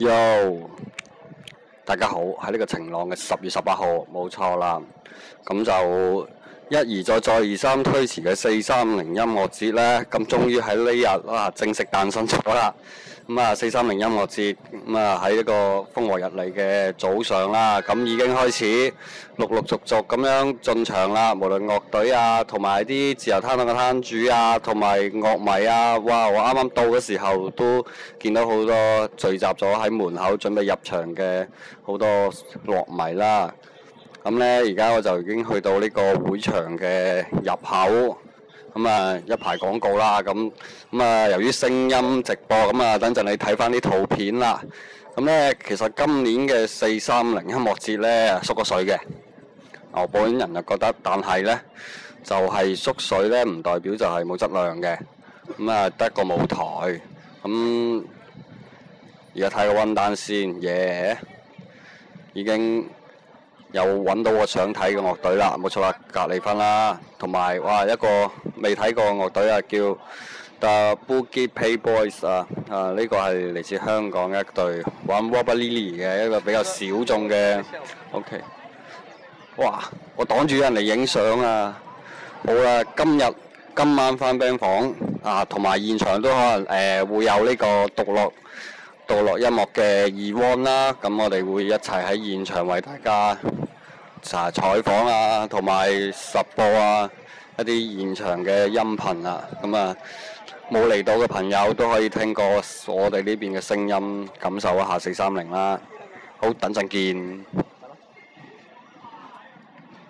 Yo，大家好，喺呢個晴朗嘅十月十八號，冇錯啦，咁就，一而再、再而三推遲嘅四三零音樂節呢，咁終於喺呢日啦正式誕生咗啦！咁、嗯嗯、啊，四三零音樂節咁啊喺一個風和日麗嘅早上啦，咁、嗯、已經開始陸陸續續咁樣進場啦。無論樂隊啊，同埋啲自由攤檔嘅攤主啊，同埋樂迷啊，哇！我啱啱到嘅時候都見到好多聚集咗喺門口準備入場嘅好多樂迷啦。咁呢，而家我就已經去到呢個會場嘅入口，咁啊一排廣告啦，咁咁啊由於聲音直播，咁啊等陣你睇翻啲圖片啦。咁呢，其實今年嘅四三零音樂節呢縮個水嘅，我本人就覺得，但係呢就係縮水呢唔代表就係冇質量嘅，咁啊得個舞台，咁而家睇個溫單先，耶，已經。有揾到我想睇嘅樂隊啦，冇錯啦，隔離芬啦，同埋哇一個未睇過樂隊啊，叫 The Boogie Pay Boys 啊，啊呢、這個係嚟自香港一隊玩 Wobbly 嘅一個比較小眾嘅。O.K.，哇，我擋住人嚟影相啊！好啦，今日今晚返 Band 房啊，同埋現場都可能誒、呃、會有呢個獨樂、獨樂音樂嘅 event 啦。咁、嗯、我哋會一齊喺現場為大家。查採訪啊，同埋實播啊，一啲現場嘅音頻啦。咁啊，冇嚟到嘅朋友都可以聽過我哋呢邊嘅聲音，感受一下四三零啦。好，等陣見。